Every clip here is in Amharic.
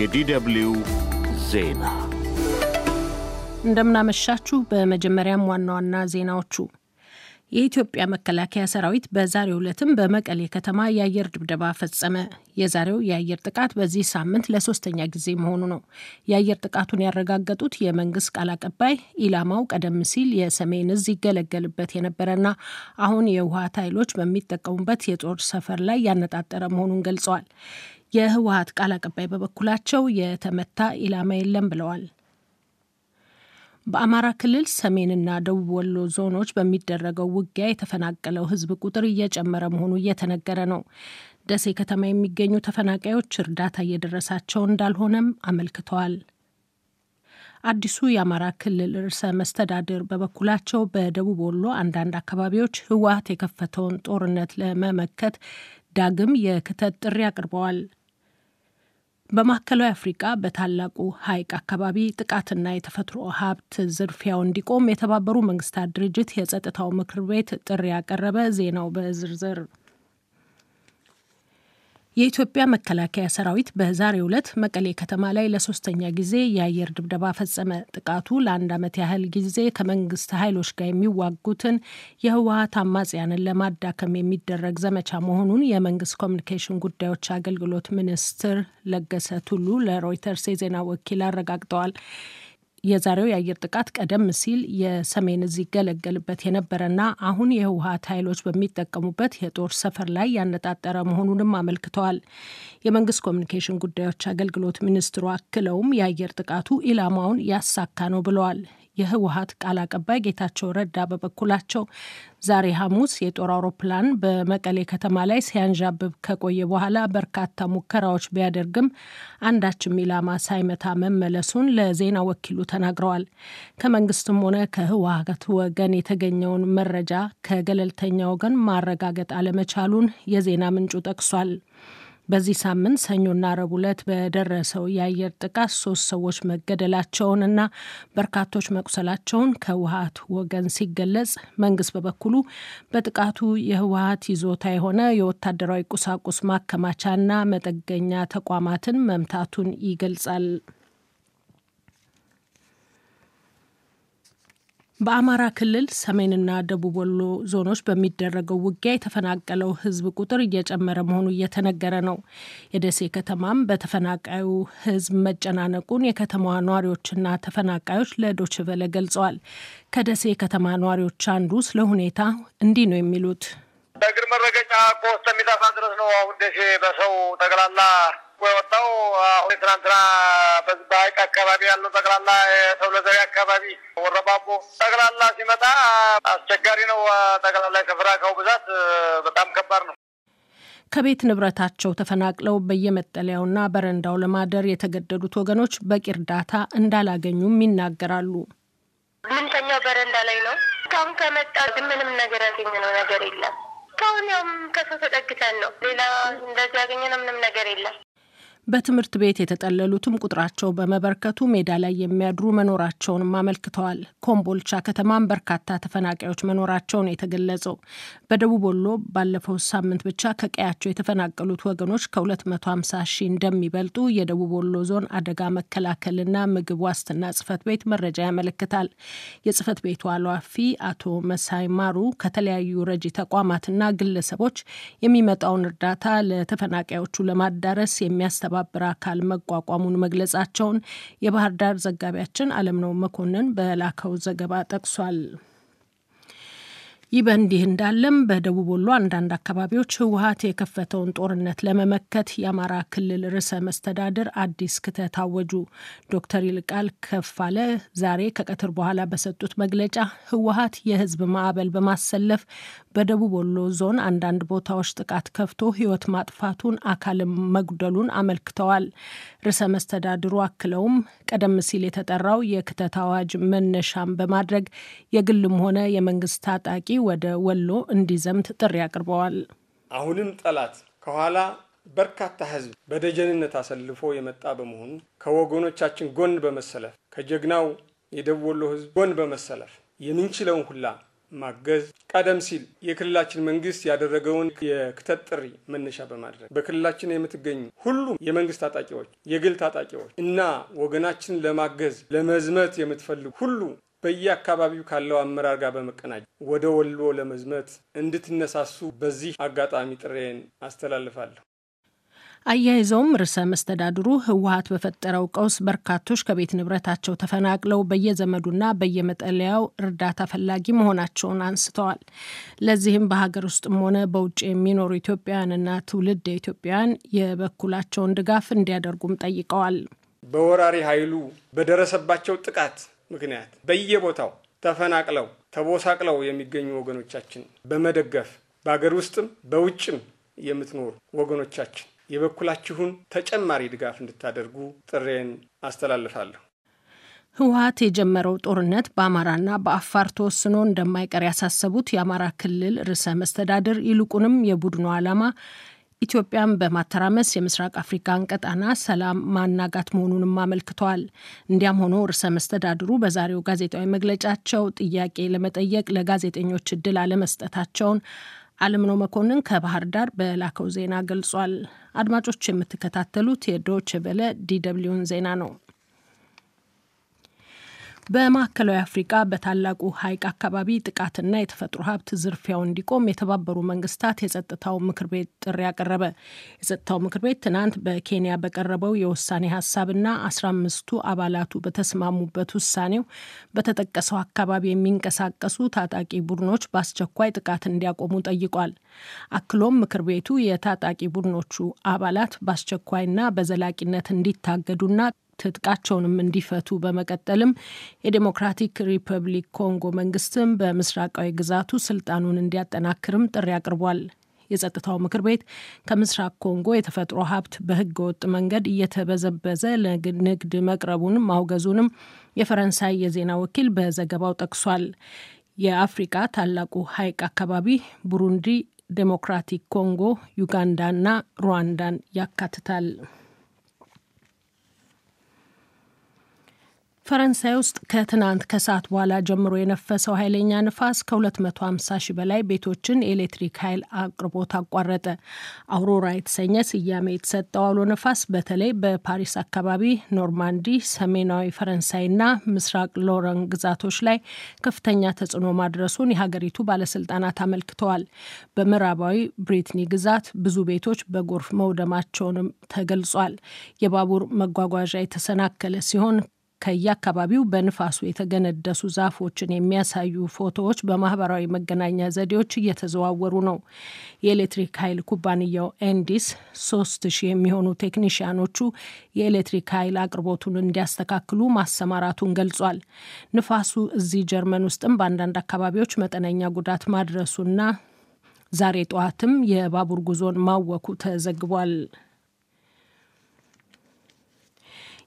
የዲደብሊው ዜና እንደምናመሻችሁ። በመጀመሪያም ዋና ዋና ዜናዎቹ የኢትዮጵያ መከላከያ ሰራዊት በዛሬው ዕለትም በመቀሌ ከተማ የአየር ድብደባ ፈጸመ። የዛሬው የአየር ጥቃት በዚህ ሳምንት ለሶስተኛ ጊዜ መሆኑ ነው። የአየር ጥቃቱን ያረጋገጡት የመንግስት ቃል አቀባይ ኢላማው ቀደም ሲል የሰሜን እዝ ይገለገልበት የነበረና አሁን የህወሓት ኃይሎች በሚጠቀሙበት የጦር ሰፈር ላይ ያነጣጠረ መሆኑን ገልጸዋል። የህወሀት ቃል አቀባይ በበኩላቸው የተመታ ኢላማ የለም ብለዋል። በአማራ ክልል ሰሜንና ደቡብ ወሎ ዞኖች በሚደረገው ውጊያ የተፈናቀለው ህዝብ ቁጥር እየጨመረ መሆኑ እየተነገረ ነው። ደሴ ከተማ የሚገኙ ተፈናቃዮች እርዳታ እየደረሳቸው እንዳልሆነም አመልክተዋል። አዲሱ የአማራ ክልል ርዕሰ መስተዳድር በበኩላቸው በደቡብ ወሎ አንዳንድ አካባቢዎች ህወሀት የከፈተውን ጦርነት ለመመከት ዳግም የክተት ጥሪ አቅርበዋል። በማዕከላዊ አፍሪቃ በታላቁ ሐይቅ አካባቢ ጥቃትና የተፈጥሮ ሀብት ዝርፊያው እንዲቆም የተባበሩ መንግስታት ድርጅት የጸጥታው ምክር ቤት ጥሪ ያቀረበ። ዜናው በዝርዝር የኢትዮጵያ መከላከያ ሰራዊት በዛሬው ዕለት መቀሌ ከተማ ላይ ለሶስተኛ ጊዜ የአየር ድብደባ ፈጸመ። ጥቃቱ ለአንድ ዓመት ያህል ጊዜ ከመንግስት ኃይሎች ጋር የሚዋጉትን የህወሀት አማጽያንን ለማዳከም የሚደረግ ዘመቻ መሆኑን የመንግስት ኮሚኒኬሽን ጉዳዮች አገልግሎት ሚኒስትር ለገሰ ቱሉ ለሮይተርስ የዜና ወኪል አረጋግጠዋል። የዛሬው የአየር ጥቃት ቀደም ሲል የሰሜን እዝ ይገለገልበት የነበረና አሁን የህወሀት ኃይሎች በሚጠቀሙበት የጦር ሰፈር ላይ ያነጣጠረ መሆኑንም አመልክተዋል። የመንግስት ኮሚኒኬሽን ጉዳዮች አገልግሎት ሚኒስትሩ አክለውም የአየር ጥቃቱ ኢላማውን ያሳካ ነው ብለዋል። የህወሀት ቃል አቀባይ ጌታቸው ረዳ በበኩላቸው ዛሬ ሐሙስ የጦር አውሮፕላን በመቀሌ ከተማ ላይ ሲያንዣብብ ከቆየ በኋላ በርካታ ሙከራዎች ቢያደርግም አንዳችም ኢላማ ሳይመታ መመለሱን ለዜና ወኪሉ ተናግረዋል። ከመንግስትም ሆነ ከህወሀት ወገን የተገኘውን መረጃ ከገለልተኛ ወገን ማረጋገጥ አለመቻሉን የዜና ምንጩ ጠቅሷል። በዚህ ሳምንት ሰኞና ረቡዕ ዕለት በደረሰው የአየር ጥቃት ሶስት ሰዎች መገደላቸውንና በርካቶች መቁሰላቸውን ከህወሀት ወገን ሲገለጽ፣ መንግስት በበኩሉ በጥቃቱ የህወሀት ይዞታ የሆነ የወታደራዊ ቁሳቁስ ማከማቻና መጠገኛ ተቋማትን መምታቱን ይገልጻል። በአማራ ክልል ሰሜንና ደቡብ ወሎ ዞኖች በሚደረገው ውጊያ የተፈናቀለው ሕዝብ ቁጥር እየጨመረ መሆኑ እየተነገረ ነው። የደሴ ከተማም በተፈናቃዩ ሕዝብ መጨናነቁን የከተማዋ ነዋሪዎችና ተፈናቃዮች ለዶችቨለ ገልጸዋል። ከደሴ ከተማ ነዋሪዎች አንዱ ስለ ሁኔታ እንዲህ ነው የሚሉት። በእግር መረገጫ እኮ እስከሚጠፋ ድረስ ነው። አሁን ደሴ በሰው ጠቅላላ ወጣው አሁን ትናንትና በሀይቅ አካባቢ ያለው ጠቅላላ የሰብለዘሪ አካባቢ ወረባቦ ጠቅላላ ሲመጣ አስቸጋሪ ነው። ጠቅላላ የስፍራ ብዛት በጣም ከባድ ነው። ከቤት ንብረታቸው ተፈናቅለው በየመጠለያውና በረንዳው ለማደር የተገደዱት ወገኖች በቂ እርዳታ እንዳላገኙም ይናገራሉ። ምንተኛው በረንዳ ላይ ነው። እስካሁን ከመጣ ግን ምንም ነገር ያገኘነው ነገር የለም። እስካሁን ያውም ከሰው ተጠግተን ነው። ሌላ እንደዚህ ያገኘነው ምንም ነገር የለም። በትምህርት ቤት የተጠለሉትም ቁጥራቸው በመበርከቱ ሜዳ ላይ የሚያድሩ መኖራቸውንም አመልክተዋል። ኮምቦልቻ ከተማም በርካታ ተፈናቃዮች መኖራቸውን የተገለጸው በደቡብ ወሎ ባለፈው ሳምንት ብቻ ከቀያቸው የተፈናቀሉት ወገኖች ከ250 ሺህ እንደሚበልጡ የደቡብ ወሎ ዞን አደጋ መከላከልና ምግብ ዋስትና ጽህፈት ቤት መረጃ ያመለክታል። የጽህፈት ቤቱ ኃላፊ አቶ መሳይ ማሩ ከተለያዩ ረጂ ተቋማትና ግለሰቦች የሚመጣውን እርዳታ ለተፈናቃዮቹ ለማዳረስ የሚያስተባ የተባበረ አካል መቋቋሙን መግለጻቸውን የባህር ዳር ዘጋቢያችን አለምነው መኮንን በላከው ዘገባ ጠቅሷል። ይህ በእንዲህ እንዳለም በደቡብ ወሎ አንዳንድ አካባቢዎች ህወሀት የከፈተውን ጦርነት ለመመከት የአማራ ክልል ርዕሰ መስተዳድር አዲስ ክተት አወጁ። ዶክተር ይልቃል ከፋለ ዛሬ ከቀትር በኋላ በሰጡት መግለጫ ህወሀት የህዝብ ማዕበል በማሰለፍ በደቡብ ወሎ ዞን አንዳንድ ቦታዎች ጥቃት ከፍቶ ህይወት ማጥፋቱን፣ አካል መጉደሉን አመልክተዋል። ርዕሰ መስተዳድሩ አክለውም ቀደም ሲል የተጠራው የክተት አዋጅ መነሻም በማድረግ የግልም ሆነ የመንግስት ታጣቂ ወደ ወሎ እንዲዘምት ጥሪ አቅርበዋል። አሁንም ጠላት ከኋላ በርካታ ህዝብ በደጀንነት አሰልፎ የመጣ በመሆኑ ከወገኖቻችን ጎን በመሰለፍ ከጀግናው የደቡብ ወሎ ህዝብ ጎን በመሰለፍ የምንችለውን ሁላ ማገዝ ቀደም ሲል የክልላችን መንግስት ያደረገውን የክተት ጥሪ መነሻ በማድረግ በክልላችን የምትገኙ ሁሉም የመንግስት ታጣቂዎች፣ የግል ታጣቂዎች እና ወገናችን ለማገዝ ለመዝመት የምትፈልጉ ሁሉ በየአካባቢው ካለው አመራር ጋር በመቀናጀት ወደ ወሎ ለመዝመት እንድትነሳሱ በዚህ አጋጣሚ ጥሬን አስተላልፋለሁ። አያይዘውም ርዕሰ መስተዳድሩ ህወሀት በፈጠረው ቀውስ በርካቶች ከቤት ንብረታቸው ተፈናቅለው በየዘመዱና በየመጠለያው እርዳታ ፈላጊ መሆናቸውን አንስተዋል። ለዚህም በሀገር ውስጥም ሆነ በውጭ የሚኖሩ ኢትዮጵያውያንና ትውልድ ኢትዮጵያውያን የበኩላቸውን ድጋፍ እንዲያደርጉም ጠይቀዋል። በወራሪ ኃይሉ በደረሰባቸው ጥቃት ምክንያት በየቦታው ተፈናቅለው ተቦሳቅለው የሚገኙ ወገኖቻችን በመደገፍ በአገር ውስጥም በውጭም የምትኖሩ ወገኖቻችን የበኩላችሁን ተጨማሪ ድጋፍ እንድታደርጉ ጥሬን አስተላልፋለሁ። ህወሀት የጀመረው ጦርነት በአማራና በአፋር ተወስኖ እንደማይቀር ያሳሰቡት የአማራ ክልል ርዕሰ መስተዳድር ይልቁንም የቡድኑ ዓላማ ኢትዮጵያን በማተራመስ የምስራቅ አፍሪካን ቀጣና ሰላም ማናጋት መሆኑንም አመልክተዋል። እንዲያም ሆኖ ርዕሰ መስተዳድሩ በዛሬው ጋዜጣዊ መግለጫቸው ጥያቄ ለመጠየቅ ለጋዜጠኞች እድል አለመስጠታቸውን አለምነው መኮንን ከባህር ዳር በላከው ዜና ገልጿል። አድማጮች የምትከታተሉት የዶይቼ ቬለ ዜና ነው። በማዕከላዊ አፍሪቃ በታላቁ ሐይቅ አካባቢ ጥቃትና የተፈጥሮ ሀብት ዝርፊያው እንዲቆም የተባበሩ መንግስታት የጸጥታው ምክር ቤት ጥሪ አቀረበ። የጸጥታው ምክር ቤት ትናንት በኬንያ በቀረበው የውሳኔ ሀሳብና አስራ አምስቱ አባላቱ በተስማሙበት ውሳኔው በተጠቀሰው አካባቢ የሚንቀሳቀሱ ታጣቂ ቡድኖች በአስቸኳይ ጥቃት እንዲያቆሙ ጠይቋል። አክሎም ምክር ቤቱ የታጣቂ ቡድኖቹ አባላት በአስቸኳይና በዘላቂነት እንዲታገዱና ትጥቃቸውንም እንዲፈቱ በመቀጠልም የዴሞክራቲክ ሪፐብሊክ ኮንጎ መንግስትም በምስራቃዊ ግዛቱ ስልጣኑን እንዲያጠናክርም ጥሪ አቅርቧል። የጸጥታው ምክር ቤት ከምስራቅ ኮንጎ የተፈጥሮ ሀብት በህገ ወጥ መንገድ እየተበዘበዘ ለንግድ መቅረቡንም ማውገዙንም የፈረንሳይ የዜና ወኪል በዘገባው ጠቅሷል። የአፍሪቃ ታላቁ ሐይቅ አካባቢ ቡሩንዲ፣ ዴሞክራቲክ ኮንጎ፣ ዩጋንዳና ሩዋንዳን ያካትታል። ፈረንሳይ ውስጥ ከትናንት ከሰዓት በኋላ ጀምሮ የነፈሰው ኃይለኛ ንፋስ ከ250 ሺህ በላይ ቤቶችን የኤሌክትሪክ ኃይል አቅርቦት አቋረጠ። አውሮራ የተሰኘ ስያሜ የተሰጠው አውሎ ነፋስ በተለይ በፓሪስ አካባቢ፣ ኖርማንዲ፣ ሰሜናዊ ፈረንሳይና ምስራቅ ሎረን ግዛቶች ላይ ከፍተኛ ተጽዕኖ ማድረሱን የሀገሪቱ ባለስልጣናት አመልክተዋል። በምዕራባዊ ብሪትኒ ግዛት ብዙ ቤቶች በጎርፍ መውደማቸውንም ተገልጿል። የባቡር መጓጓዣ የተሰናከለ ሲሆን ከየአካባቢው በንፋሱ የተገነደሱ ዛፎችን የሚያሳዩ ፎቶዎች በማህበራዊ መገናኛ ዘዴዎች እየተዘዋወሩ ነው። የኤሌክትሪክ ኃይል ኩባንያው ኤንዲስ ሶስት ሺህ የሚሆኑ ቴክኒሽያኖቹ የኤሌክትሪክ ኃይል አቅርቦቱን እንዲያስተካክሉ ማሰማራቱን ገልጿል። ንፋሱ እዚህ ጀርመን ውስጥም በአንዳንድ አካባቢዎች መጠነኛ ጉዳት ማድረሱና ዛሬ ጠዋትም የባቡር ጉዞን ማወኩ ተዘግቧል።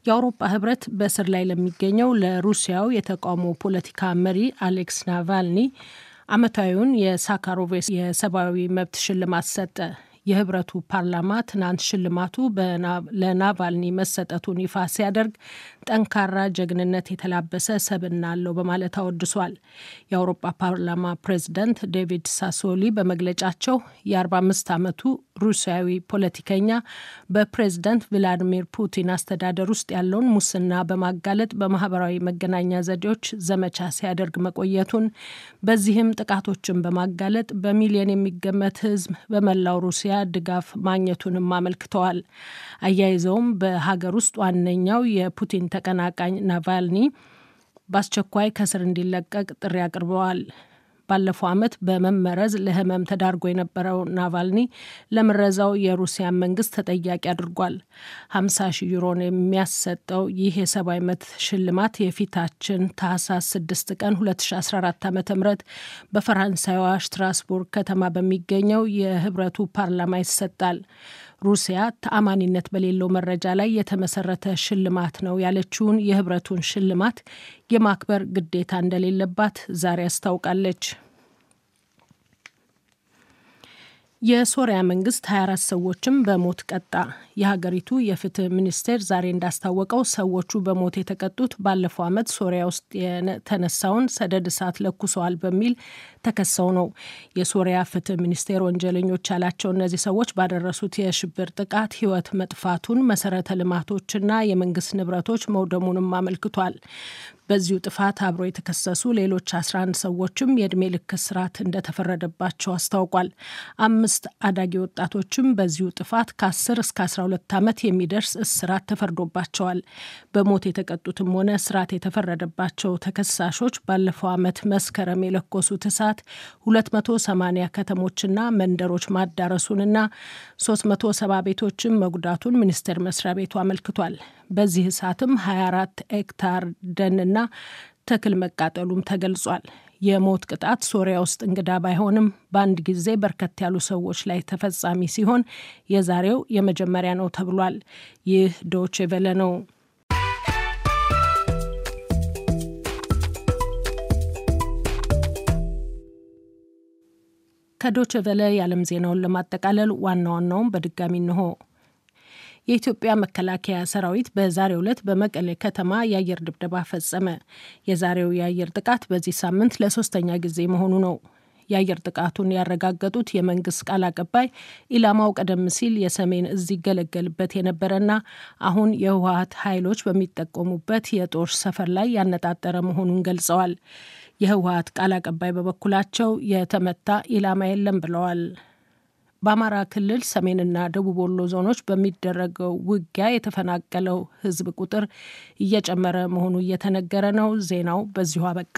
የአውሮፓ ህብረት በእስር ላይ ለሚገኘው ለሩሲያው የተቃውሞ ፖለቲካ መሪ አሌክስ ናቫልኒ አመታዊውን የሳካሮቭ የሰብአዊ መብት ሽልማት ሰጠ። የህብረቱ ፓርላማ ትናንት ሽልማቱ ለናቫልኒ መሰጠቱን ይፋ ሲያደርግ ጠንካራ ጀግንነት የተላበሰ ሰብና አለው በማለት አወድሷል። የአውሮፓ ፓርላማ ፕሬዝዳንት ዴቪድ ሳሶሊ በመግለጫቸው የ45 ዓመቱ ሩሲያዊ ፖለቲከኛ በፕሬዝዳንት ቭላዲሚር ፑቲን አስተዳደር ውስጥ ያለውን ሙስና በማጋለጥ በማህበራዊ መገናኛ ዘዴዎች ዘመቻ ሲያደርግ መቆየቱን በዚህም ጥቃቶችን በማጋለጥ በሚሊዮን የሚገመት ሕዝብ በመላው ሩሲያ ድጋፍ ማግኘቱንም አመልክተዋል። አያይዘውም በሀገር ውስጥ ዋነኛው የፑቲን ተቀናቃኝ ናቫልኒ በአስቸኳይ ከስር እንዲለቀቅ ጥሪ አቅርበዋል። ባለፈው ዓመት በመመረዝ ለህመም ተዳርጎ የነበረው ናቫልኒ ለምረዛው የሩሲያን መንግስት ተጠያቂ አድርጓል። 50 ሺ ዩሮን የሚያሰጠው ይህ የሰብአዊ መብት ሽልማት የፊታችን ታህሳስ 6 ቀን 2014 ዓ ም በፈረንሳይዋ ሽትራስቡርግ ከተማ በሚገኘው የህብረቱ ፓርላማ ይሰጣል። ሩሲያ ተአማኒነት በሌለው መረጃ ላይ የተመሰረተ ሽልማት ነው ያለችውን የህብረቱን ሽልማት የማክበር ግዴታ እንደሌለባት ዛሬ አስታውቃለች። የሶሪያ መንግስት 24 ሰዎችን በሞት ቀጣ። የሀገሪቱ የፍትህ ሚኒስቴር ዛሬ እንዳስታወቀው ሰዎቹ በሞት የተቀጡት ባለፈው ዓመት ሶሪያ ውስጥ የተነሳውን ሰደድ እሳት ለኩሰዋል በሚል ተከሰው ነው። የሶሪያ ፍትህ ሚኒስቴር ወንጀለኞች ያላቸው እነዚህ ሰዎች ባደረሱት የሽብር ጥቃት ህይወት መጥፋቱን፣ መሰረተ ልማቶችና የመንግስት ንብረቶች መውደሙንም አመልክቷል። በዚሁ ጥፋት አብሮ የተከሰሱ ሌሎች 11 ሰዎችም የዕድሜ ልክ እስራት እንደተፈረደባቸው አስታውቋል። አምስት አዳጊ ወጣቶችም በዚሁ ጥፋት ከ10 እስከ 12 ዓመት የሚደርስ እስራት ተፈርዶባቸዋል። በሞት የተቀጡትም ሆነ እስራት የተፈረደባቸው ተከሳሾች ባለፈው ዓመት መስከረም የለኮሱት እሳት 280 ከተሞችና መንደሮች ማዳረሱንና 370 ቤቶችን መጉዳቱን ሚኒስቴር መስሪያ ቤቱ አመልክቷል። በዚህ እሳትም 24 ሄክታር ደንና ተክል መቃጠሉም ተገልጿል። የሞት ቅጣት ሶሪያ ውስጥ እንግዳ ባይሆንም በአንድ ጊዜ በርከት ያሉ ሰዎች ላይ ተፈጻሚ ሲሆን የዛሬው የመጀመሪያ ነው ተብሏል። ይህ ዶቼ ቬለ ነው። ከዶቼ ቬለ የዓለም ዜናውን ለማጠቃለል ዋና ዋናውን በድጋሚ እንሆ የኢትዮጵያ መከላከያ ሰራዊት በዛሬው ዕለት በመቀሌ ከተማ የአየር ድብደባ ፈጸመ። የዛሬው የአየር ጥቃት በዚህ ሳምንት ለሶስተኛ ጊዜ መሆኑ ነው። የአየር ጥቃቱን ያረጋገጡት የመንግስት ቃል አቀባይ ኢላማው ቀደም ሲል የሰሜን እዝ ይገለገልበት የነበረና አሁን የህወሀት ኃይሎች በሚጠቀሙበት የጦር ሰፈር ላይ ያነጣጠረ መሆኑን ገልጸዋል። የህወሀት ቃል አቀባይ በበኩላቸው የተመታ ኢላማ የለም ብለዋል። በአማራ ክልል ሰሜንና ደቡብ ወሎ ዞኖች በሚደረገው ውጊያ የተፈናቀለው ሕዝብ ቁጥር እየጨመረ መሆኑ እየተነገረ ነው። ዜናው በዚሁ አበቃ።